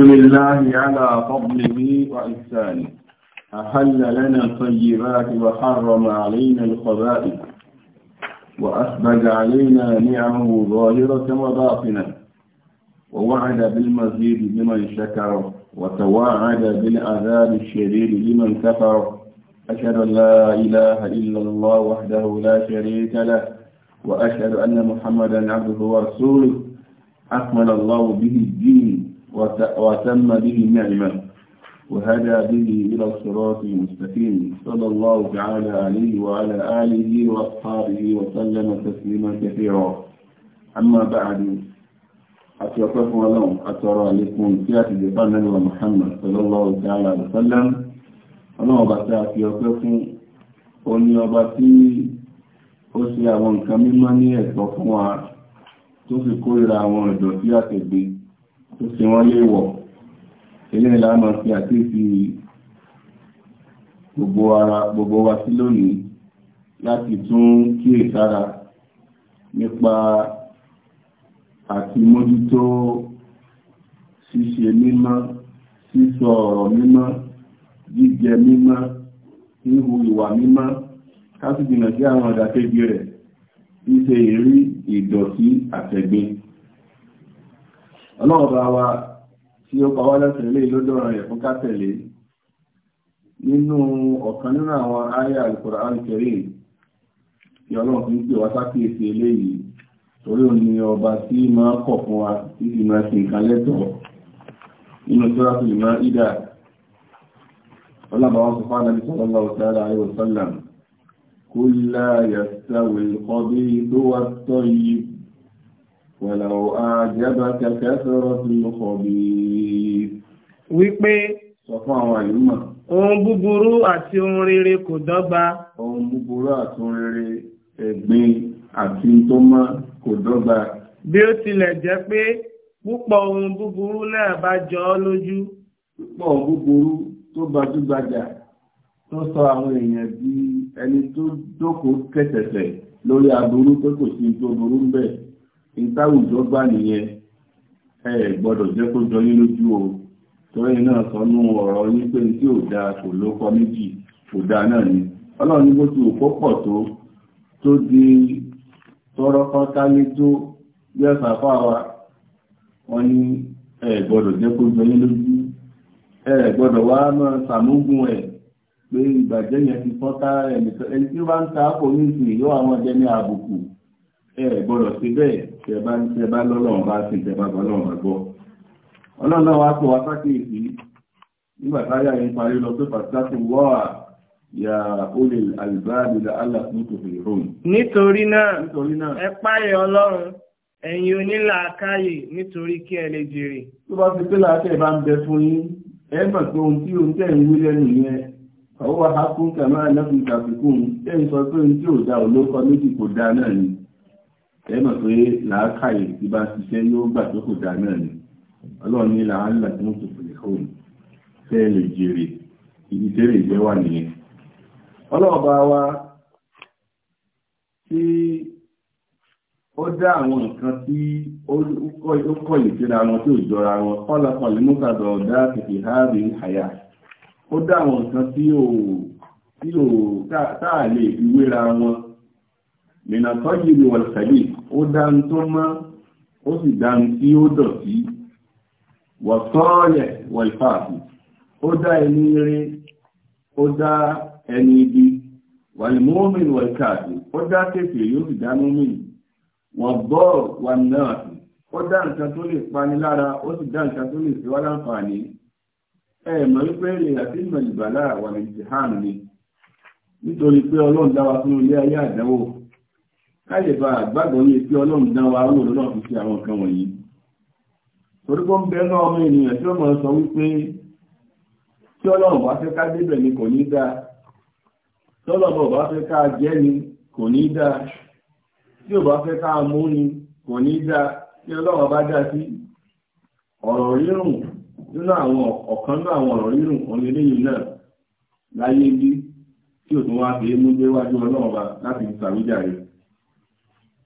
الحمد لله على فضله وإحسانه أحل لنا الطيبات وحرم علينا الخبائث وأثبت علينا نعمه ظاهرة وباطنة ووعد بالمزيد لمن شكر وتوعد بالعذاب الشديد لمن كفر أشهد أن لا إله إلا الله وحده لا شريك له وأشهد أن محمدا عبده ورسوله أكمل الله به الدين وتم به النعمة وهدى به إلى الصراط المستقيم صلى الله تعالى عليه وعلى آله وأصحابه وسلم تسليما كثيرا أما بعد أتوقفوا لهم أترى لكم سيادة لطن محمد صلى الله تعالى وسلم أنا أبتا أتوقفوا أن يبتي أسيا من كميماني أتوقفوا تسكوا إلى أمور دوتيات البيت tó ṣe wọ́n lé wọ̀ ilé ìlànà fi àkéèsí gbogbo ara gbogbo wa sí lónìí láti tún kíyèsára nípa àti mójútó ṣíṣe mímọ́ sísọ ọ̀rọ̀ mímọ́ jíjẹ mímọ́ híhu ìwà mímọ́ ká sì jìnnà sí àwọn ọ̀dàkejì rẹ̀ ṣíṣe ìrí ìdọ̀tí àtẹ̀gbin ọlọ́run bá wa tí ó pa wá lẹ́sẹ̀ lé lọ́dọ̀ rẹ̀ fún kátẹ̀lé nínú ọ̀kan nínú àwọn àyà Al-Qur'an Karim tí ọlọ́run fi ń pè wá sákèsí eléyìí torí òun ni ọba tí máa kọ̀ fún wa tí sì máa ṣe nǹkan lẹ́tọ̀ọ́ nínú Suratul Maida ọlọ́run bá wọn sọ fún Ànábì sallallahu alaihi wa sallam qul la yastawi al-khabithu wat-tayyib wẹ̀lẹ̀wò àjẹ́bà kẹfẹ́ sọ̀rọ̀ sí lókọ̀ bí i. wípé sọ fún àwọn àlùmọ̀. ohun búburú àti ohun rere kò dọ́gba. ohun búburú àti ohun rere ẹ̀gbin àti tó mọ́ kò dọ́gba. bí ó tilẹ̀ jẹ́ pé púpọ̀ ohun búburú náà bá jọ ọ́ lójú. púpọ̀ ohun búburú tó gbajúgbajà tó sọ àwọn èèyàn di ẹni tó jókòó kẹsẹ̀sẹ̀ lórí aburú pé kò sí tó burú ń ìtàwùjọ gbà nìyẹn ẹ gbọ́dọ̀ jẹ́ kó jọ yín lójú o torí náà sọ nú ọ̀rọ̀ yín pé tí ò dáa kò ló kọ méjì kò dáa náà ni ọlọ́run ní bó ti òkó pọ̀ tó tó di tọ́rọ́kọ́ kálé tó bí ẹ̀sà fáwa wọn ní ẹ gbọ́dọ̀ jẹ́ kó jọ yín lójú ẹ gbọ́dọ̀ wá máa ṣàmúgùn ẹ̀ pé ìbàjẹ́ yẹn ti fọ́n ká ẹnìkan ẹni tí ó bá ń ta àpò ní ìsìn yóò àwọn ọdẹ ní àbùkù ẹ gbọdọ sí bẹ́ẹ̀ tẹ bá ń tẹ bá lọ́lọ́run bá sì tẹ bá bá náà wá wá sákèèsí parí lọ pé pàtàkì nítorí rome. nítorí náà ẹ ọlọ́run ẹ̀yin nítorí kí ẹ lè jèrè. tó bá ń bẹ fún yín ẹ mọ̀ pé ohun tí ohun ń wí lẹ́nu yẹn àwọn wàhálà kún kàmáà lẹ́kùn tàbí kún tẹ̀ ń sọ ẹ mọ̀ pé làákàyè tí bá ṣiṣẹ́ yóò gbà tó kò dá náà ni ọlọ́run ní làálà tí wọ́n ti fòlè hóun fẹ́ lè jèrè ibi tẹ́lẹ̀ ìgbẹ́ wà nìyẹn ọlọ́run bá wa tí ó dá àwọn nǹkan tí ó kọ̀ yìí síra wọn tí ò jọra wọn kọ́lọ́kọ̀lì mọ́tàdọ̀ ọ̀dá kìkì háàbì àyà ó dá àwọn nǹkan tí ò táà lè fi wéra wọn mìnàtọ́ yìí ni wọ́n tẹ̀lé ó dáhùn tó mọ́ ó sì dáhùn tí ó dọ̀tí wọ́n sọ́ọ̀lẹ̀ wọ́n fàáfù ó dá ẹni rí ó dá ẹni ibi wọ́n mọ́mìn wọ́n káàdì ó dá kéfèé yóò sì dá mọ́mìn wọ́n bọ́ wọ́n náà ó dá nǹkan tó lè pani lára ó sì dá nǹkan tó lè fi wá ẹ mọ̀ wípé èèyàn tí mọ̀ ìbàlá wà ní ìjìhàn ni nítorí pé ọlọ́run dá wa fún ilé ayé àdánwò káyè bá àgbàgbọ́ ní pé ọlọ́run dán wa ọlọ́run lọ́nà fi ṣe àwọn nǹkan wọ̀nyí torí ń bẹ náà ọmọ ènìyàn tí ó mọ̀ sọ wípé tí ọlọ́run bá fẹ́ ká débẹ̀ ni kò ní dáa tí ọlọ́run bá fẹ́ ká jẹ́ ni kò ní dáa tí ò bá fẹ́ ká mú ni kò ní dáa tí ọlọ́run bá dá sí ọ̀rọ̀ rírùn nínú àwọn ọ̀kan náà àwọn ọ̀rọ̀ rírùn òun eléyìí náà láyé bí tí ò tún wá fi é mú déwájú ọlọ́run bá láti ṣàwíjàre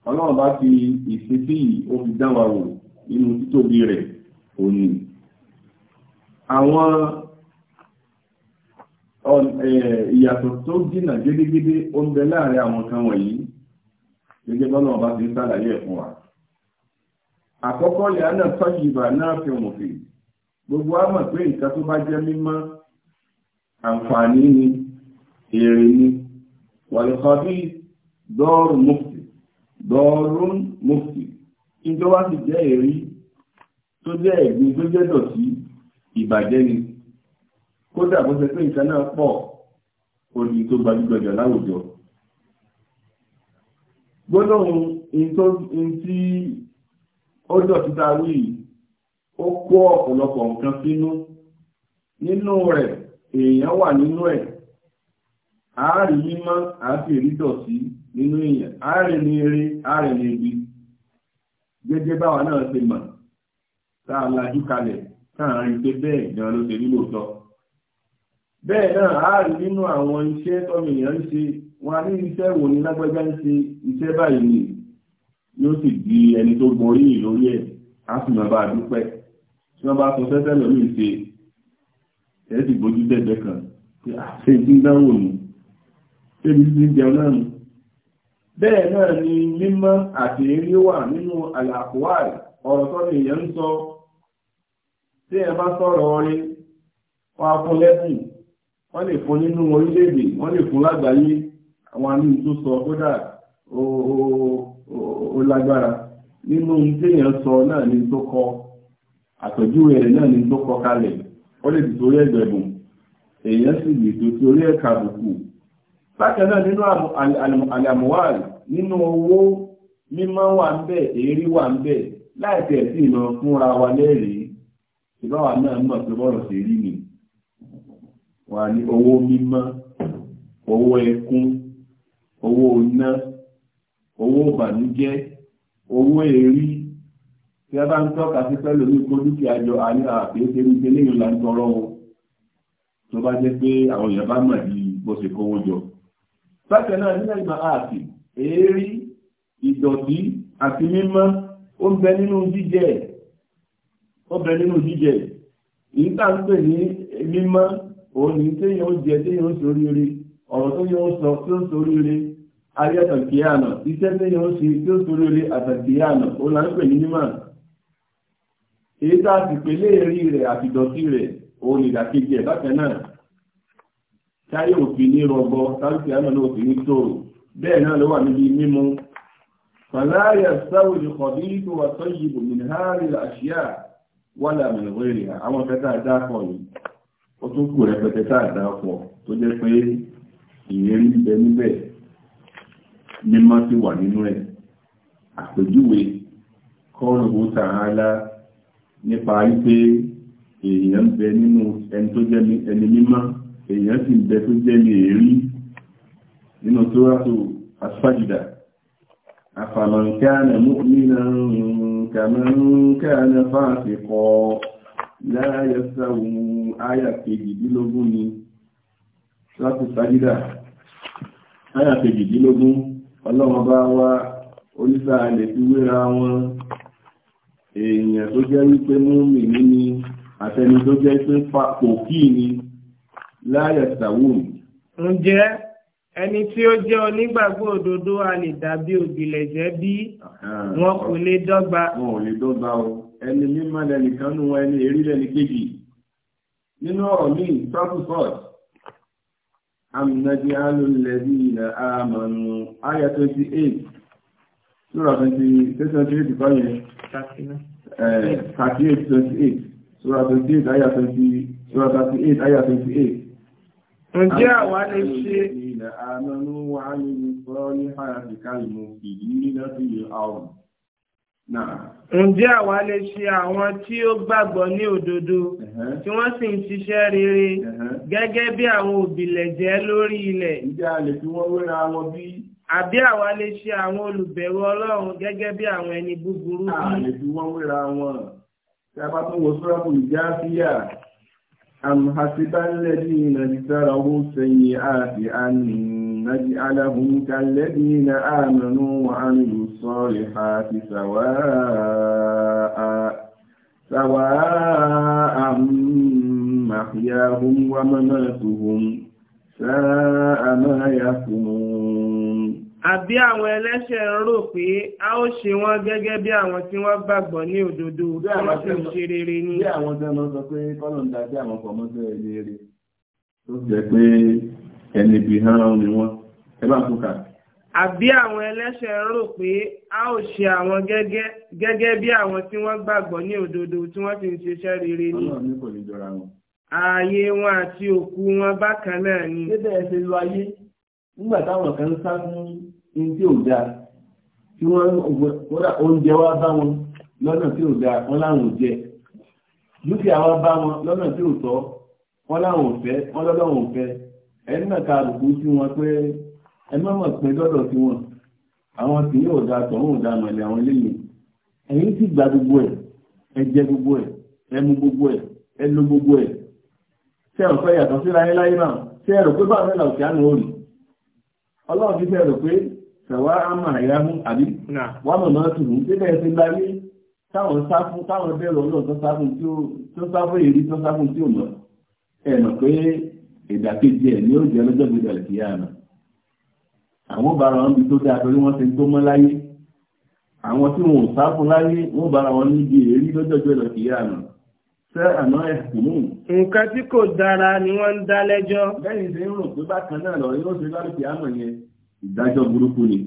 ọlọ́run bá fi ìfisí yìí ó fi dá wa wò nínú títóbi rẹ̀ òní àwọn ìyàtọ̀ tó jìnà gédégédé ó ń bẹ láàrin àwọn kan wọ̀nyí gẹ́gẹ́ bọ́lá ọba ti ń sàlàyé ẹ̀ fún wa àkọ́kọ́ ìyá náà tọ́jú ìbà náà fi òmùfì gbogbo wa mọ̀ pé nǹkan tó bá jẹ́ mímọ́ àǹfààní ni èrè ni wàlúkọ́ bí dọ́ọ̀rù dọ́ọ̀rún mọ́fì níjọ́ wá ti jẹ́ èrí tó jẹ́ ẹ̀gbin tó jẹ́ dọ̀tí ìbàjẹ́ ni kódà bó pé nǹkan náà pọ̀ òdì tó gbajúgbajà láwùjọ gbólóhùn tí ó wí ó nínú rẹ̀ èèyàn nínú ẹ̀ àárí mímọ́ àti èrí nínú èèyàn ààrẹ ní eré ààrẹ ní ibi gẹ́gẹ́ báwa náà ṣe mọ̀ tá a lajú kalẹ̀ táàrin pé bẹ́ẹ̀ gan ló ṣe rí lóòótọ́ bẹ́ẹ̀ náà ààrẹ nínú àwọn iṣẹ́ tọ́mọ èèyàn ń ṣe wọn a ní iṣẹ́ wo ni lágbájá ń ṣe iṣẹ́ báyìí ni yóò sì di ẹni tó borí lórí ẹ̀ á sì máa bá a dúpẹ́ tí wọ́n bá sọ sẹ́sẹ́ lómi ṣe ẹ̀ sì gbójú tẹ̀gbẹ́ kan ṣe àṣẹ ìdíndánwò ni ṣé ibi tí ń jẹun náà bẹ́ẹ̀ náà ni mímọ́ àti èrí wà nínú àlàkùwàì ọ̀rọ̀ tó ní èèyàn ń sọ tí ẹ bá sọ̀rọ̀ orí wọ́n á fún lẹ́bùn wọ́n lè fún nínú orílẹ̀-èdè wọ́n lè fún lágbàáyé àwọn àmì tó sọ kódà ó lágbára nínú téèyàn sọ náà ní tó kọ àtọ̀júwe rẹ̀ náà ní tó kọ kalẹ̀ ó lè tìtorí ẹ̀gbẹ̀bùn sì bákan náà nínú àlàmùwàlì nínú owó mímọ́ wà ń bẹ̀ èrí wà ń bẹ̀ láìpẹ́ sí ìmọ̀ fúnra wa lẹ́rìí ìbáwà náà mọ̀ pé bọ́rọ̀ sí rí ni wà ní owó mímọ́ owó ẹkún owó iná owó ìbànújẹ́ owó èrí tí a bá ń tọ́ka sí pẹ́lú ní kó dúkìá jọ àní àpéṣe ní pé léyìn la tó bá jẹ́ pé àwọn èèyàn bá mọ̀ ní bó ṣe kówó jọ bákan náà nílẹ̀ ìmọ̀ ààbì èérí ìdọ̀tí àti mímọ́ ó ń bẹ nínú jíjẹ ó bẹ nínú jíjẹ èyí tá ń pè ní mímọ́ òun ní téèyàn ó jẹ téèyàn ó sórí rí ọ̀rọ̀ tó yẹ ó sọ tí ó sórí rí ayé àtàkìyànà iṣẹ́ téèyàn ó ṣe tí ó sórí rí àtàkìyànà ó là ń pè ní mímọ́ èyí tá a sì pè léèrí rẹ̀ àti ìdọ̀tí rẹ̀ òun ìdàkejì ẹ̀ bákan náà táyé òfin ní rọgbọ táyé àná náà òfin ní tòrò bẹ́ẹ̀ náà ló wà níbi mímu fàlàyà sáwòlì kọ̀bí tó wà tó yìí bò mìíràn hàrí àṣìyà wà láàmì ìwéèrè àwọn kẹta àdáàkọ yìí ó tún kù rẹpẹtẹ tá àdáàkọ tó jẹ́ pé ìyẹn ń níbẹ̀ mímọ́ ti wà nínú ẹ̀ àpèjúwe kọ́ọ̀lù tààlà nípa wípé èèyàn ń bẹ nínú ẹni tó jẹ́ ẹni mímọ́ èèyàn sì ń bẹ tó jẹ́ ní èrí nínú tó rásù asfájìdá afàmọ̀nkánà múmínà kàmọ̀nkánà fáàfikọ̀ láyé sáwọn áyà kejìdínlógún ni rásù sájìdá áyà kejìdínlógún ọlọ́wọ́n bá wá oníṣà lè fi wéra wọn èèyàn tó jẹ́ wípé múmi ní àtẹni tó jẹ́ pé pàpò kí ni láyà sàwùn. ǹjẹ́ ẹni tí ó jẹ́ onígbàgbọ́ òdodo a lè dàbí òbílẹ̀jẹ́ bí wọn kò lè dọ́gba. wọn ò lè dọ́gba o ẹni mímọ́ lẹ́nìkan nù wọn ẹni èrí lẹ́ni kejì nínú ọ̀rọ̀ mi travel force amnadi alólẹ́bí ilẹ̀ àmọ́nù ayà 28 sura 28 kọ́ yẹn 38 28 sura 28 ayà 28 sura 38 ayà 28 Ǹjẹ́ àwa lè ṣe ilẹ̀ àmọ́nú wà nínú sọ́rọ̀ ní àyàfikà ìmọ̀ ìdí lọ́sílẹ̀ ọ̀rùn. Ǹjẹ́ àwa lè ṣe àwọn tí ó gbàgbọ́ ní òdodo tí wọ́n sì ń ṣiṣẹ́ rere gẹ́gẹ́ bí àwọn òbílẹ̀jẹ́ lórí ilẹ̀. Ǹjẹ́ a lè fi wọ́n wéra wọn bí? Àbí àwa lè ṣe àwọn olùbẹ̀rù Ọlọ́run gẹ́gẹ́ bí àwọn ẹni búburú bí? A lè fi wọ́n wéra wọn. Ṣé a bá tún wo أم حسب الذين اجتروا السيئات أن نجعلهم كالذين آمنوا وعملوا الصالحات سواء سواء محياهم ومماتهم ساء ما يحكمون àbí àwọn ẹlẹ́ṣẹ̀ ń rò pé a ó ṣe wọ́n gẹ́gẹ́ bí àwọn tí wọ́n gbàgbọ́ ní òdodo tí wọ́n sì ń ṣe rere ní. bí àwọn tẹ́ lọ sọ pé kọ́lọ̀ ń dájú àwọn ọkọ̀ mọ́tò ẹni eré tó jẹ́ pé ẹni ibi hàn ni wọ́n ẹ bá tún kà. àbí àwọn ẹlẹ́ṣẹ̀ ń rò pé a ó ṣe àwọn gẹ́gẹ́ bí àwọn tí wọ́n gbàgbọ́ ní òdodo tí wọ́n sì ń ṣiṣẹ́ rere ní nígbà táwọn kan sá fún in tí ò dáa tí wọ́n kódà oúnjẹ wá bá wọn lọ́nà tí ò dáa wọ́n láwọn ò jẹ dúkìá wá bá wọn lọ́nà tí ò tọ́ wọ́n láwọn ò fẹ́ wọ́n lọ́lọ́wọ́n ò fẹ́ ẹni náà ka àbùkù sí wọn pé ẹ má mọ̀ pé dọ́dọ̀ sí wọn àwọn tí yóò da tọ̀hún ò da mọ̀lẹ́ àwọn eléyìí ẹ̀yin sì gba gbogbo ẹ̀ ẹ jẹ gbogbo ẹ̀ ẹ mu gbogbo ẹ̀ ẹ lo gbogbo ẹ̀ ṣé ọ̀fẹ́ yàtọ̀ síra ẹ láyé náà ṣé ẹ rò pé là òkè àná ò ọlọ́run ti fẹ́ rò pé sàwá àmà ìyáhù àbí wọ́n mọ̀ náà tùrù débẹ̀ ti láyé táwọn sáfún táwọn bẹ̀rù ọlọ́run tó sáfún tí ó sáfún èrí tó sáfún tí ó mọ̀ ẹ̀ mọ̀ pé ìdàkejì ẹ̀ ní ó jẹ́ lọ́jọ́ gbé dàlẹ̀ kìí àná àwọn bára wọn bí tó dáa torí wọ́n ti tó mọ́ láyé àwọn tí wọn ò sáfún láyé wọ́n bára wọn níbi èrí lọ́jọ́ gbé dàlẹ̀ kìí àná Fẹ́ àmọ́ ẹ̀sìn mú. Nǹkan tí kò dára ni wọ́n ń dá lẹ́jọ́. Bẹ́ẹ̀ni ṣe ń rò pé bákan náà lọ yóò ṣe lálùkì àmọ̀ yẹn ìdájọ́ burúkú ni.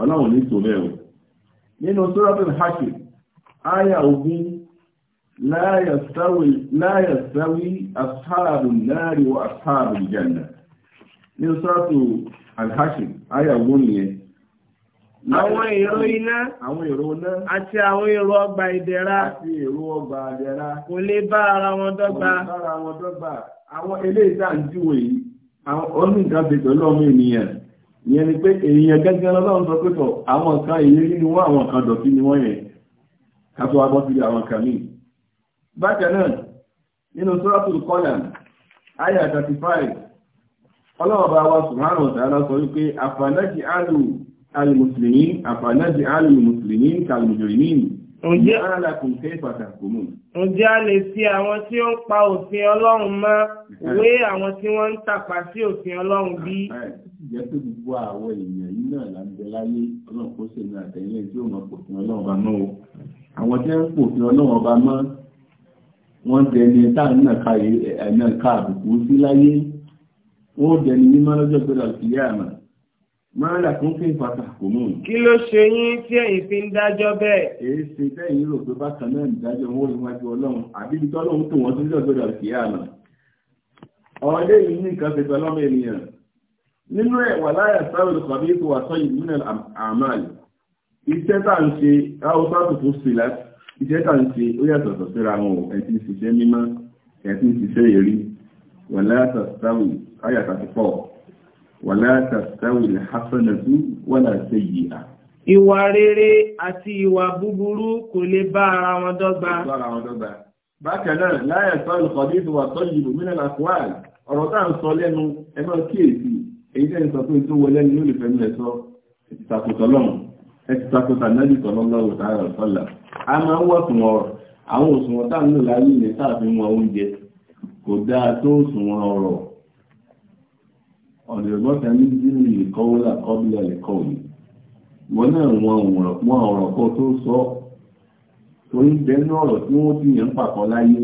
Ọlọ́run ní tòun ẹ̀rọ. Nínú Sọ́rọ́bìn Hákì, Áyà ogún láyà sáwí àṣàbùn láàrin wa àṣàbùn jannah. Nínú Sọ́rọ́bìn Hákì, Áyà ogún nìyẹn. àwọn èrò iná àwọn èrò iná àti àwọn èrò ọgbà ìdẹ̀ra àti èrò kò lè bá ara wọn dọ́gba ele àwọn eléyìí tá yìí àwọn eniyan ti ènìyàn ìyẹn ni pé èèyàn gẹ́gẹ́ lọ́lọ́run sọ pé àwọn ni wọ́n àwọn dọ̀tí ni 35 ọlọ́ọ̀bá wa sọ wípé àfàlẹ́kì alìmùsùlùmí àfànájì alìmùsùlùmí kàlùmùjòrìmí ǹjẹ́ alákùn kẹfà tàkùnmù. ǹjẹ́ a lè fi àwọn tí ó ń pa òfin ọlọ́run mọ́ wé àwọn tí wọ́n ń tàpá sí òfin ọlọ́run bí. jẹ́ pé gbogbo àwọn èèyàn yìí náà là ń bẹ láyé ọlọ́run kó ṣe ní àtẹ̀yìn tí ó mọ̀ pòfin ọlọ́run bá mọ́ o. àwọn tí wọ́n ń pòfin ọlọ́run bá mọ́ wọ́n dẹni táwọn náà ká àbùkù sí láyé wọ́n dẹni mímọ́ lọ́jọ́ gbọ́dọ̀ sí yá àmà máa là kún fún ìfàtà kò mú un. kí ló ṣe yín tí ẹ̀yin fi ń dájọ́ bẹ́ẹ̀. èyí ṣe tẹ́yìn rò pé bákan náà ìdájọ́ wọn níwájú ọlọ́run àbí ibi tọ́lọ́run tó wọ́n tó ń dọ̀gbọ́dọ̀ sí àná. ọ̀lẹ́ yìí ní nǹkan fẹ̀fẹ̀ lọ́mọ ènìyàn. nínú ẹ̀ wà láyà sáré lọ́kọ̀ àbí ètò wà sọ́yìn nínú àmàlì. iṣẹ́ tá à ń ṣe haúsá tuntun sí láti iṣẹ́ tá à ń ṣe ó yàtọ̀tọ̀ síra wọn wàlá tàtàwì hasanatu wàlá sayyi'a. ìwà rere àti ìwà búburú kò lè bá ara wọn dọ́gba. bákan náà láyà sọ al-khabith wa tayyib min al-aqwal ọ̀rọ̀ tá à ń sọ lẹ́nu ẹgbẹ́ kíyèsí èyí tẹ́ ń sọ pé tó wọlé ní olùfẹ́ mi ẹ̀sọ́ ìtàkùtọ̀ lọ́hùn ẹ̀tìtàkùtà náàbì tọ̀lọ́lọ́wọ̀ tààrà sọ́là a máa ń wọ̀sùn ọ̀rọ̀ àwọn òṣùwọ̀n tá ń lò láyé ilẹ̀ tá à fi mọ oúnjẹ kò dáa tó òṣùwọ̀n ọ̀rọ̀ ọ̀dẹ̀gbọ́ta ní dínú ìkọ́wọ́lá kọ́bílẹ̀ ẹ̀kọ́ yìí náà wọn ọ̀rọ̀ kọ́ tó sọ torí bẹ́ẹ̀nú ọ̀rọ̀ tí wọ́n ti yàn pàkọ́ láyé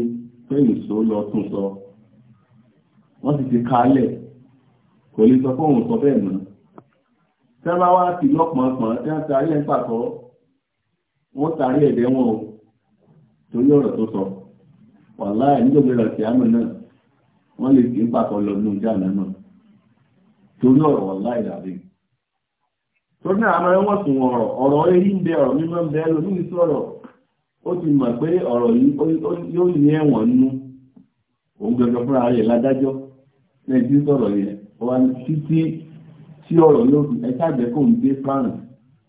pé ìṣó lọ tún sọ wọ́n sì ti kálẹ̀ kò lè sọ fóun sọ bẹ́ẹ̀ mọ́ tí wọ́n bá wá sí lọ́pọ̀ọ̀pọ̀ tí wọ́n tarí ẹ̀ pàkọ́ wọ́n tarí ẹ̀dẹ́ wọn o torí ọ̀rọ̀ tó sọ wàláì nígbàgbé rẹ̀ sí àmì náà wọ́n lè sí pàkọ́ lọ nínú jáàmù náà torí ọ̀rọ̀ torí náà àmọ́ ẹwọ́n sùn ọ̀rọ̀ ọ̀rọ̀ eré ń bẹ ọ̀rọ̀ mímọ́ ń bẹ lómi ní sọ̀rọ̀ ó ti mọ̀ pé ọ̀rọ̀ yóò ní ẹ̀wọ̀n nú òun gẹ̀gẹ̀ fúnra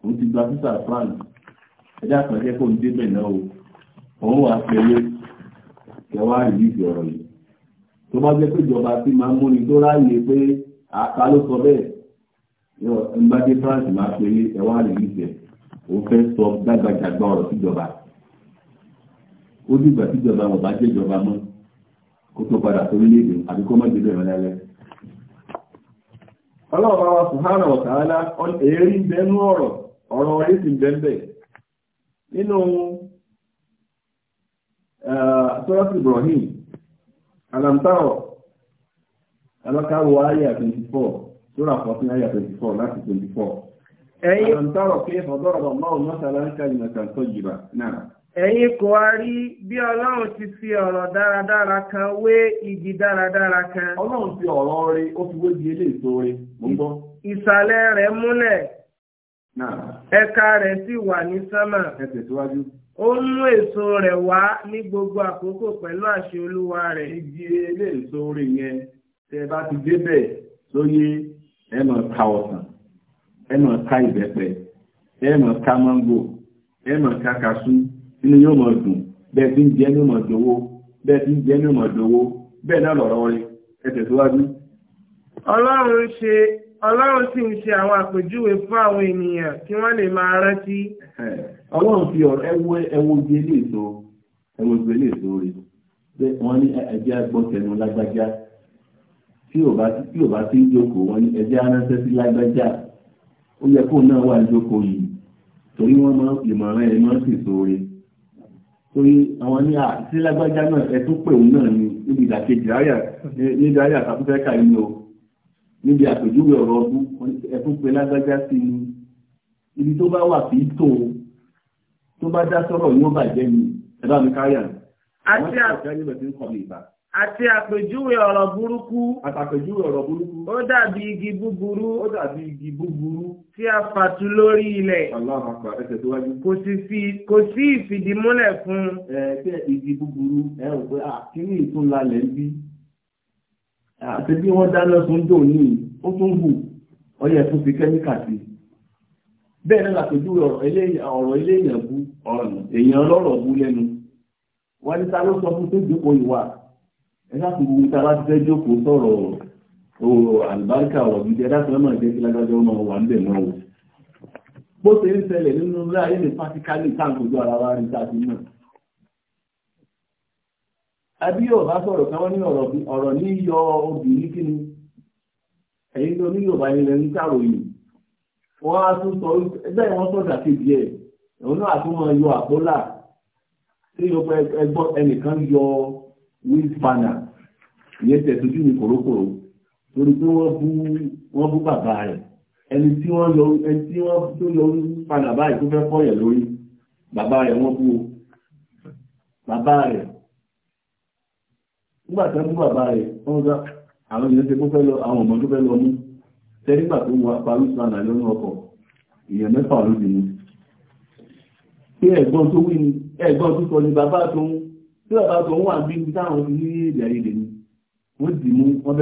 rẹ̀ ti gba France ẹ̀dá kan jẹ́ kò ń dé bẹ̀ náà o òun wà pẹ̀lú kẹwàá ìlú ìfẹ́ ọ̀rọ̀ yìí tó bá jẹ́ pé ìjọba ti máa ń múni tó àtàló sọ bẹ́ẹ̀ france máa ẹwà sọ gbàgbàjàgbà ọ̀rọ̀ síjọba ó dìgbà síjọba wọn bá jẹ́jọba mọ́ kó tó padà sórílẹ̀ àbí kó má jẹ́jọ́ ìrìn lálẹ́. ọlọ́ọ̀bá wa subhanahu wa èérí ń ọ̀rọ̀ ọ̀rọ̀ orí sì bẹ́ẹ̀ nínú Ibrahim alákàwọ àyà 24 sóra 14 24 lati 24. ẹ̀yin ń pé ọ̀dọ́rọ̀ ọlọ́run mọ́sálá ń kàlí màkà tó jìbà náà. ẹ̀yin kò wá rí bí ọlọ́run ti fi ọ̀rọ̀ dáradára kan wé igi dáradára kan. ọlọ́run fi ọ̀rọ̀ rẹ ó fi wé di eléyìí tó ìsàlẹ̀ rẹ̀ múlẹ̀ ẹ̀ka rẹ̀ sì wà ní mú gbogbo àkókò pẹ̀lú àṣẹ tẹ bá ti débẹ̀ lóyè ẹ máa ọ̀sán, ọsàn ẹ máa ka ìbẹ́pẹ ẹ máa ka mángò yóò dùn bẹ́ẹ̀ tí ń ní ọmọ ìdòwó bẹ́ẹ̀ tí ń jẹ ní ọmọ ìdòwó bẹ́ẹ̀ náà rí Ọlọ́run ṣe Ọlọ́run sì ń ṣe àwọn àpèjúwe fún àwọn ènìyàn tí wọ́n lè máa rántí. Ọlọ́run fi ojú ilé ojú ilé wọ́n ní ẹ̀jẹ̀ lágbájá tí ò bá tí ò bá sí ìjókòó wọn ní ẹjẹ́ aránṣẹ́ sí lágbájá ó yẹ kóun náà wà ìjókòó yìí torí wọ́n mọ ìmọ̀ràn ẹ̀ máa ń sì sóore torí àwọn ní àti lágbájá náà ẹ tún pè òun náà ní níbi ìdàkejì àyà níbi àyà àtàkùnfẹ́ kà ní o níbi àpèjúwe ọ̀rọ̀ ọdún ẹ tún pè lágbájá sí ni ibi tó bá wà kì í tó tó bá dá sọ̀rọ̀ yóò bàjẹ́ ni ẹ bá mi káyà. àti àti àti àti àti àti àti àti àti àti àti àti àti àti àti àti àti àti àpèjúwe ọ̀rọ̀ burúkú. àtàpèjúwe ọ̀rọ̀ burúkú. ó dàbí igi búburú. ó dàbí igi búburú. tí a fàtu lórí ilẹ̀. Allahu Akbar ẹsẹ̀ tó wájú. kò sì fi kò sí ìfìdímúlẹ̀ fún. ẹ ṣe igi búburú ẹ rò pé àkíní ìtúnla lẹ̀ ń bí. àti bí wọ́n dáná tó ń dò ní ó tún hù ọyẹ tó fi kẹ́míkà sí. bẹ́ẹ̀ náà làpèjúwe ọ̀rọ̀ ilé èèyàn bú ọ̀rọ̀ èèyàn ọlọ́rọ̀ bú lẹ́nu. wọ́n ní ta sọ fún tó ìjókòó ìwà ẹ̀dàkùn gbogbo tá a bá ti fẹ́ jókòó sọ̀rọ̀ o àlùbáríkà ọ̀rọ̀ gidi ẹ̀dàkùn ọmọ ìjẹ́ kí lágbájọ́ ọmọ wà ń bẹ̀ náà o bó ṣe ń ṣẹlẹ̀ nínú láàyè ní pátíkálì táǹkójú ara wa ní sáàtì náà àbí ọ̀bá sọ̀rọ̀ káwọn ní ọ̀rọ̀ ní yọ obìnrin kí ni ẹ̀yìn tó ní Yorùbá ilẹ̀ ń sàròyìn wọ́n á tún sọ ẹgbẹ́ wọn sọ̀dà kejì ẹ̀ òun náà tún máa yọ àpólà tí ẹnìkan yọ wheel spanner ìyẹn tẹ̀sójú ní kòrókòrò torí pé wọ́n bú wọ́n bú bàbá rẹ̀ ẹni tí wọ́n lọ ẹni tí wọ́n tó lọ wheel spanner báyìí tó fẹ́ fọ́yẹ̀ lórí bàbá rẹ̀ wọ́n bú o bàbá rẹ̀ nígbà tí wọ́n bú bàbá rẹ̀ wọ́n gbá àwọn èèyàn ṣe kó fẹ́ lọ àwọn ọmọ tó fẹ́ lọ mú tẹ́rígbà tó wọ apá wheel spanner lọ́nà ọkọ̀ èèyàn mẹ́fà lóbìnrin pé ẹ̀gbọ́n tó wí ni ẹ̀gbọ́n tó sọ ni bàbá tó ń tí ọba tó ń wà bí ibi táwọn ní ilẹ̀ ilẹ̀ ni wọ́n dì mú tí wọ́n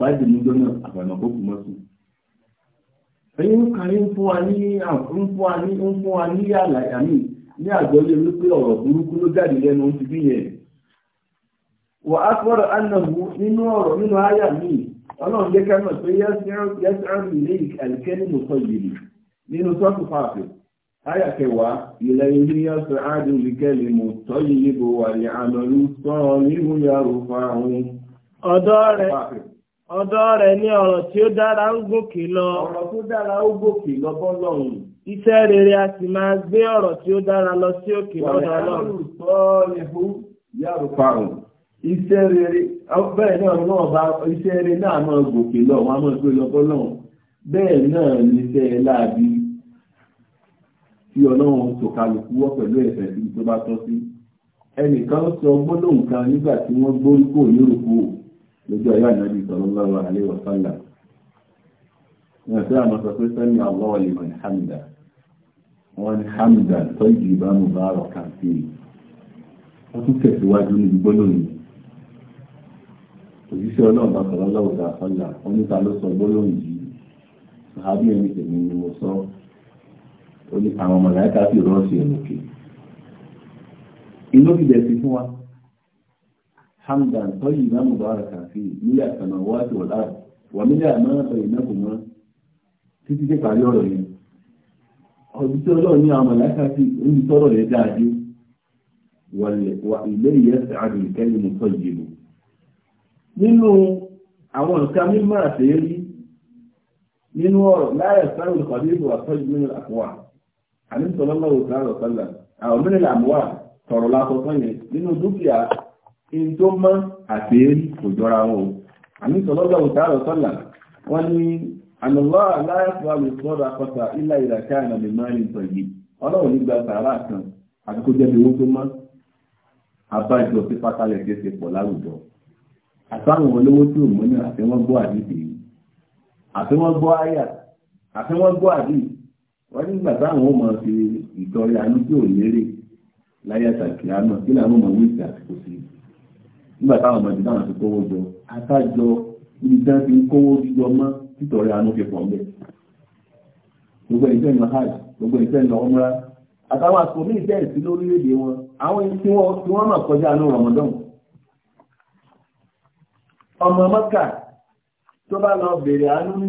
bá dì mú àgbàmọ̀ kó ń ń fún wa ní ń fún wa ní ń fún wa ní àlàyé ní wípé ọ̀rọ̀ burúkú ló jáde lẹ́nu ti bí yẹn. á fọ́rọ̀ ánàbù nínú ọ̀rọ̀ nínú àyà mi ọlọ́run jẹ́ pé Ayà kẹwàá, ilẹ̀ ilé yọ́sọ̀ áàdùn ìkẹlì mú tọ́yí yíbo wà ní àmọ́lú sọ́rọ̀ nínú yàrù fáwọn. Ọ̀dọ́ rẹ̀ ní ọ̀rọ̀ tí ó dára ń gòkè lọ. Ọ̀rọ̀ tó dára ó gòkè lọ bọ́lọ́run. Iṣẹ́ rere a sì máa gbé ọ̀rọ̀ tí ó dára lọ sí òkè lọ́dọ̀ bẹ́ẹ̀ náà ni tí ọlọ́run sọ̀kalẹ̀ kúwọ́ pẹ̀lú ẹ̀fẹ̀ bí tó bá tọ́ sí ẹnìkan sọ gbólóhùn kan nígbà tí wọ́n gbórí kò ní òkú lójú ayé ànábì sallallahu alaihi wa sallam wọ́n fẹ́ àmọ́ sọ pé sẹ́mi Allahu liman hamida wọ́n ní hamida tó yìí ìbá mu bá rọ̀ kàǹtì wọ́n tún tẹ̀síwájú ní gbólóhùn òjíṣẹ́ ọlọ́run bá sallallahu alaihi wa sallam oníta ló sọ gbólóhùn yìí sàhábì ẹni tèmi ni mo sọ ó ní àwọn mọ̀láyíká sì rọ́ọ̀sì òkè inú ìdẹ̀ sí fún wa hamdan tọ́yì náà mú bára kàfí nílẹ̀ àtànàwọ́ àti wọ̀lá wà nílẹ̀ àmọ́ràn ìnákùn mọ́ títí dé parí ọ̀rọ̀ yẹn ọdún tí ọlọ́run ní àwọn mọ̀láyíká sí ń tọ́rọ̀ yẹn dáadé wà ilé ìyẹ́sẹ̀ àdùnkẹ́lì mú tọ́jì mú nínú àwọn nǹkan mímọ́ àtẹ́yẹ́rí nínú ọ̀rọ̀ láyẹ̀ sáré olùkọ́lé ìbò àtọ́jú nínú àkọwà àníṣọlọ́lọ́wò sáàrọ̀ sálà àwọn mẹ́rin làmúwà sọ̀rọ̀ lásọ̀tán yẹn nínú dúkìá in tó mọ́ àti èrí kò jọra wọn o àníṣọlọ́lọ́wò sáàrọ̀ sálà wọ́n ní ànàlọ́ aláyàfọ́ àlùsọ́dọ̀ akọta ilá ìràká ìnàlè mẹ́rin tọ̀ yìí ọlọ́run ní gba sàárà kan àti kó jẹ́bi owó tó mọ́ àbá ìjọ sí pátálẹ̀ kéṣe pọ̀ láwùjọ àtàwọn olówó tí ò àti wọ́n nígbà táwọn ó máa fi ìtọ́rẹ àánú tí ò lérè láyé àtàkì àánú kí làwọn máa wíìsì àsìkò sí nígbà táwọn ọmọ ìdí táwọn ti kówó jọ atájọ ibi tí wọ́n fi ń kówó jọ mọ́ títọ́rẹ àánú fi pọ̀ mbẹ́ gbogbo ìṣẹ́ ìlọ hajj gbogbo ìṣẹ́ ìlọ ọmọra àtàwọn àsìkò ní ìṣẹ́ ìsí lórílẹ̀-èdè wọn àwọn tí tí wọ́n mà kọjá àánú rọmọdọ́n ọmọ mọ́kà tó bá lọ bèrè àánú ní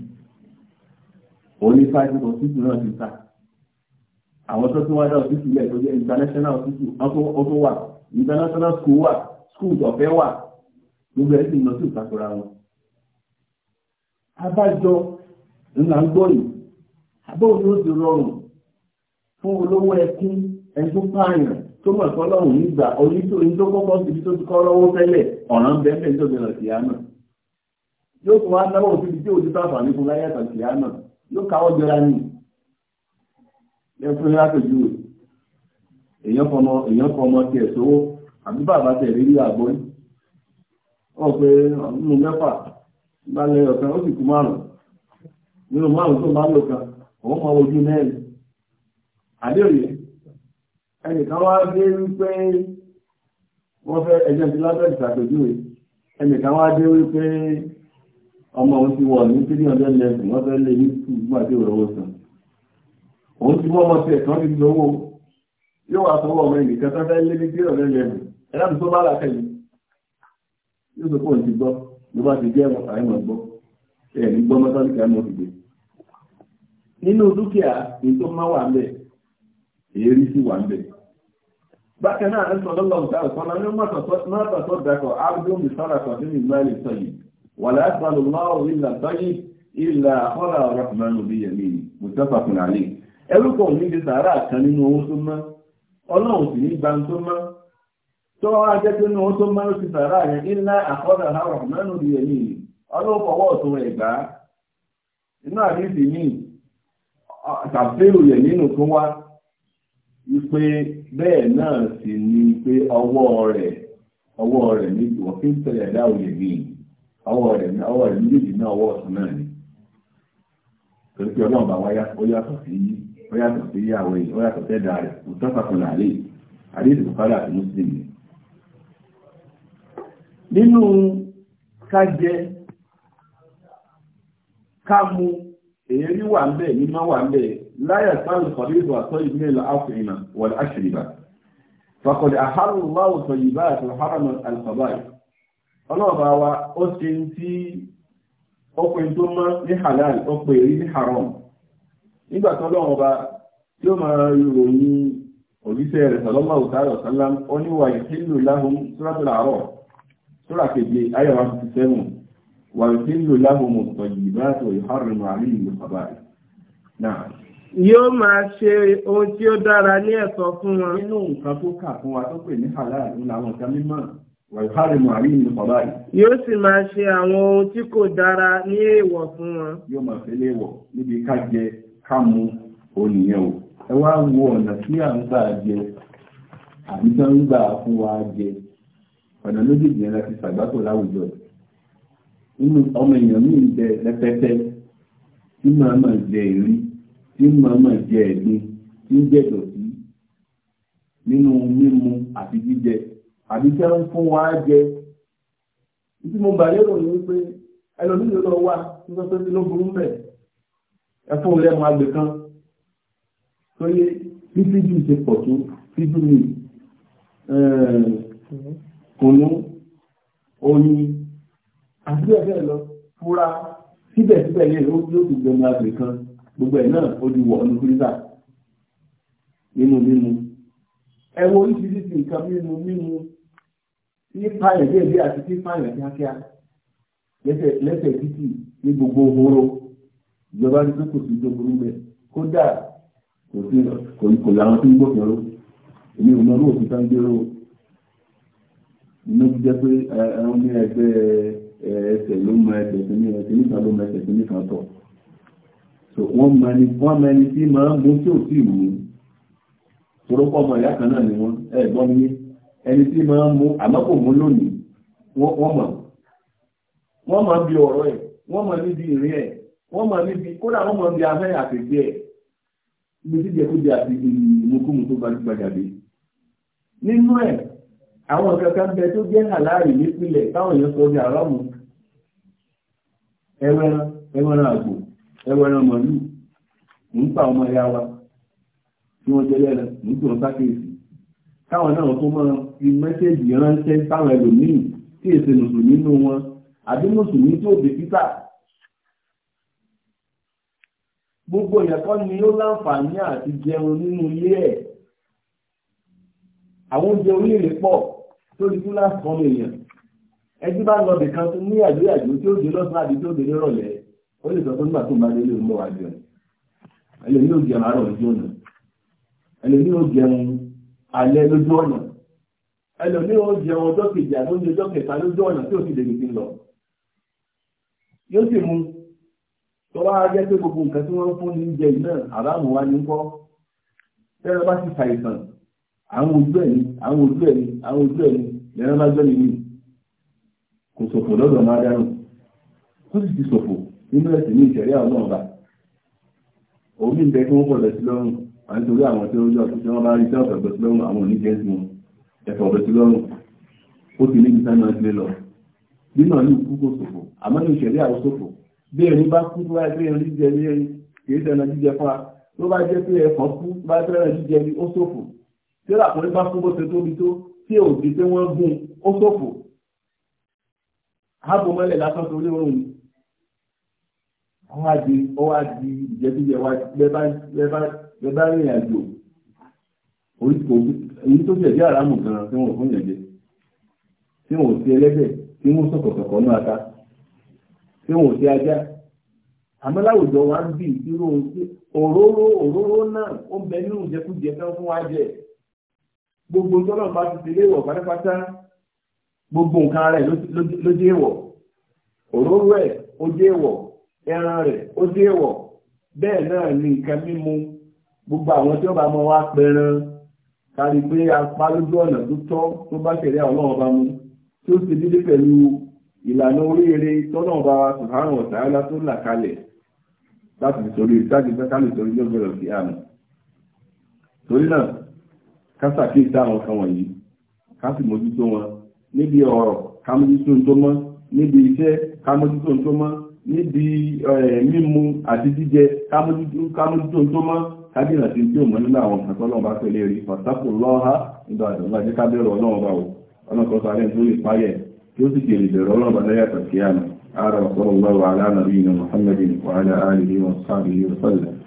òun ní ọtụtụ ọ̀sìtù náà ti ta àwọn tó tún wá dá ọtụtụ lẹ̀ tó jẹ́ international ọ̀sìtù ọ̀tún wà international school wà school ọ̀fẹ́ wà gbogbo lọ sí ìtakùrà wọn. abájọ ńlá ń gbọ́ yìí ni ó ti rọrùn fún olówó ẹkún ẹkún pààyàn tó mọ̀ lọ́rùn nígbà tó síbi tó yóò káwọ́ jọra ní ẹ̀fún látòjú èèyàn fọmọ èèyàn fọmọ ti ẹ̀ sówó àbí bàbá tẹ̀ rí rí àgbọ́ ní ọ pé nínú mẹ́fà bá lẹ ọ̀kan ó sì kú márùn nínú márùn tó bá lọ kan òun mọ ojú mẹ́rin àdéòyè ẹnìkan wá dé wípé wọ́n fẹ́ ẹjẹ́ ti lábẹ́ ìṣàpèjúwe ẹnìkan wá dé wípé ọmọ òun ti wọ̀ ní three hundred level wọ́n fẹ́ lé ní two gbàdé òrówó san òun ti wọ́n ọmọ tiẹ̀ kan ní lówó yóò wá fọwọ́ ọmọ ẹnì kan fẹ́ lé ní three hundred level ẹ̀rọ àti tó bá rà kẹ́yìn yóò sọ pé òun ti gbọ́ ló bá ti jẹ́ àìmọ̀ gbọ́ ẹ̀ ní gbọ́ mọ́tálíkì àmọ́ òdìgbé nínú dúkìá ní tó máa wà ń bẹ̀ èérí sì wà ń bẹ̀ bákan náà ẹ̀ sọ̀rọ̀ lọ́wọ́ sáà sọ́nà ní mọ́tàtọ́ dákọ̀ ábúdó mi sára kan nínú ìgbà ilé sọ yìí ولا يقبل الله إلا الطيب إلا خلا الرحمن بيمين متفق عليه ẹrúkọ òní di sàárà kan nínú owó tó mọ́ ọlọ́run sì ní gbà tó mọ́ tó wá jẹ́ pé nínú owó tó mọ́ ló ti sàárà yẹn ilá àkọ́dà àwọn mẹ́nu di bẹ́ẹ̀ náà sì ni pé ọwọ́ rẹ̀ ọwọ́ rẹ̀ ní ìwọ̀n fi ń tẹ̀lé ọwọ́ rẹ̀ ní ọwọ́ rẹ̀ méjèèjì náà ọwọ́ ọ̀tún náà ni torí pé ọlọ́run bá wá yàtọ̀ sí ọyàtọ̀ sí ìyàwó yìí ọyàtọ̀ sí ẹ̀dá rẹ̀ mùtọ́fàkùnrin àlè àdéhùn bùkálà àti mùsùlùmí. nínú kájẹ kámu èérí wà ń bẹ mímá wà ń bẹ láyà sáwọn ìfọdúrúbọ àtọ ìdílé lọ áfìrìnà wọlé àṣìrìbà fàkọdẹ àhárùn láwùtọ yìí báyà tó ọlọ́ọ̀bá wa ó ṣe ń tí ọpẹ tó mọ́ ní halal ọpẹ èrí ní haram nígbà tó lọ́wọ́ bá tí ó máa ròyìn òjíṣẹ́ rẹ̀ sọlọ́mọ òtárọ̀ sálám ó ní wà ìhílù láhùn sóràtò làárọ̀ sóra keje ayọ̀ wa fifty seven wà ìhílù láhùn mọ̀tọ̀ yìí bá tó ìhárùn rẹ̀ náà. yóò máa ṣe ohun tí ó dára ní ẹ̀sọ́ fún wọn. nínú nǹkan tó kà fún wa tó pè ní halal ń làwọn Yóò sì máa ṣe àwọn ohun tí kò dára ní èèwọ̀ fún wọn. Yóò máa fẹ́ léèwọ̀ níbi ká jẹ ká mu ònìyàn o. Ẹ wá wo ọ̀nà tí à ń gbà jẹ àbí tí wọ́n ń gbà fún wa jẹ. Ọ̀nà méjèèjì la fi ṣàgbátò láwùjọ. Inú ọmọ èèyàn mi ń bẹ rẹpẹtẹ tí màá máa jẹ èrí, tí màá máa jẹ ẹ̀gbin, tí ń jẹ dọ̀tí nínú mímu àti jíjẹ àbí tẹ́ ń fún wa jẹ tí mo gbà lérò ní wípé ẹlòmíì ló wà tí wọ́n pẹ́ ló burú bẹ̀ ẹ fún lẹ́mu agbè kan tó yé bí fíjú ṣe pọ̀ tó fíjú mi kùnú oyin àti bẹ́ẹ̀ bẹ́ẹ̀ lọ fúra síbẹ̀síbẹ̀ yẹn ló yóò fi gbẹmọ agbè kan gbogbo ẹ̀ náà ó di wọ̀ ọ́ ní fúrísà nínú mímu ẹ wo oríṣiríṣi nǹkan mímu mímu pípa ẹ̀jẹ̀ bí àti pípa ẹ̀jẹ̀ kíákíá lẹ́sẹ̀ títì ní gbogbo òhòrò ìjọba ní pé kò sí tó burú bẹ́ẹ̀ kódà kò sí kò láwọn tó ń gbòkèrò èmi ò mọ orú òfin tán gbérò inú jẹ́ pé ẹ̀rọ ní ẹgbẹ́ ẹsẹ̀ ló mọ ẹsẹ̀ tó ní ẹsẹ̀ níta ló mọ ẹsẹ̀ tó níta tọ̀ so wọ́n mọ ẹni wọ́n mọ ẹni tí máa ń mú tí ò sí ìwú torókọ́ ọmọ ìyá kan náà ni wọ́n ẹ̀ gbọ́ mi ẹni tí máa ń mú àmọ́ kò mú lónìí wọ́n mọ̀ wọ́n mọ̀ bí ọ̀rọ̀ ẹ̀ wọ́n mọ̀ níbi ìrìn ẹ̀ wọ́n mọ̀ níbi kódà wọ́n mọ̀ bí afẹ́ àtẹ̀jẹ́ ẹ̀ ibi tí jẹ́ kó jẹ́ àti ìmúkúmu tó gbajúgbajà dé. nínú ẹ̀ àwọn kankan bẹ tó jẹ́ àláàrí nípìnlẹ̀ táwọn èèyàn sọ ní àrọ́mù ẹwẹ́ran ẹwẹ́ran àgbò ẹwẹ́ran mọ̀lú mò ń pa ọmọ ya wa tí wọ́n jẹ́ lẹ́ran ń tò ń sákèsì káwọn náà tó mọ́ fi mẹ́sẹ̀jì ránṣẹ́ sáwọn ẹlòmíì tí èsè mùsùlùmí nínú wọn àbí mùsùlùmí tó dé títà gbogbo ìyàtọ̀ ni ó láǹfààní àti jẹun nínú ilé ẹ̀ àwọn oúnjẹ orílẹ̀ pọ̀ tó di kú láti kọ́nu èèyàn ẹgbẹ́ bá lọ bìkan tó ní àjòyàjò tí ó dé lọ́sàn àbí tí ó dé nírọ̀lẹ́ ó lè sọ pé nígbà tó ń bá délé ń bọ̀ wá jẹun ẹlòmí ò jẹun àárọ̀ ìjọ́nà ẹlòmí ò jẹun alẹ́ lójú ọ̀nà ẹlòmí ó jẹun ọjọ́ kejì àbí oúnjẹ ọjọ́ kẹta lójú ọ̀nà tí ó sì dèbìtì lọ yóò sì mú tó wá jẹ́ pé gbogbo nǹkan tí wọ́n fún ní jẹ náà àbámu wá ní kọ́ tẹ́lẹ̀ bá ti ṣàìsàn àwọn ojú ẹ̀ ní àwọn ojú ẹ̀ ní àwọn ojú ẹ̀ ní lẹ́yìn bá gbẹ́ nìyí kò ṣòfò lọ́dọ̀ máa dárò tó sì ti ṣòfò nínú ẹ̀sìn ní ìṣẹ̀rí àwọn náà òun ní tí wọ́n pọ̀lọ̀ sí lọ́rùn àwọn nítorí àwọn tí ó jọ tí wọ́n bá rí sí ọ̀fẹ́ ọ̀gbẹ́ lọ́rùn àwọn oníjẹ́ wọn ẹ̀fẹ́ ọ̀gbẹ́ sí lọ́rùn ó ti níbi sáà náà sílé lọ bí náà ní ìkú kò ṣòfò àmọ́ ní ìṣẹ̀lẹ̀ àwọn ṣòfò bí ẹni bá kú tó bá gbé ẹni jíjẹ ní kì í sẹ́nu jíjẹ fún wa tó bá jẹ́ pé ẹ̀fọ́ kú bá fẹ́ràn jíjẹ ní ó ṣòfò tí ọkùnrin bá kú bó ṣe tóbi tó tí ò di wọ́n gún ó ṣòfò. hábò lásán torí oorun wọ́n á di ó wá di ìjẹ́bíjẹ́ wá lẹ́bá rìn àjò èyí tó jẹ̀dí àrámù gan-an tí wọ́n fún yẹ̀jẹ̀ tí wọ́n ti ẹlẹ́dẹ̀ tí wọ́n sọ̀kọ̀sọ̀kọ̀ ní ata tí wọ́n ti ajá àmọ́ láwùjọ wa ń bì irú òróró òróró náà ó ń bẹ nínú ìjẹkújẹ tán fún wa jẹ gbogbo tọ́lọ̀ bá ti ti léwọ̀ pátápátá gbogbo nǹkan rẹ̀ ló jẹ́ wọ̀ òróró ẹ̀ ó jẹ́ wọ̀ ẹran rẹ̀ ó dé wọ̀ bẹ́ẹ̀ náà ni nǹkan mímu gbogbo àwọn tí ó bá mọ wá pẹran kárí pé apá lójú ọ̀nà tó tọ́ tó bá tẹ̀lé àwọn ọba mu tí ó ti dídé pẹ̀lú ìlànà oríire tọ́nà ọba wa sùhárùn ọ̀tàrálá tó là kalẹ̀ láti sọ̀rọ̀ ìsáàdì fẹ́ kálù sọ̀rọ̀ yóò gbọ́dọ̀ sí àmì torí náà kásàkíyèsí àwọn kan wọ̀nyí ká sì mójútó wọn níbi ọ̀rọ̀ ká mójútó tó mọ́ níbi iṣẹ́ ká mójútó tó mọ́ níbi eh, mímu àti jíjẹ kámójútó tó mọ́ kájìnà sí tí ó mọ́ nínú àwọn àtọ́lọ́wọ́ bá pẹ̀lẹ́ rí pàtàkù lọ́ha nígbà àdúgbà jẹ́ kábẹ́rọ ọlọ́wọ́ bá wò ọlọ́kọ̀ọ́sọ alẹ́ tó lè páyẹ̀ tí ó sì jèrè bẹ̀rẹ̀ ọlọ́wọ́ bá lẹ́yà tàkíyàmù ara ọ̀sọ́rọ̀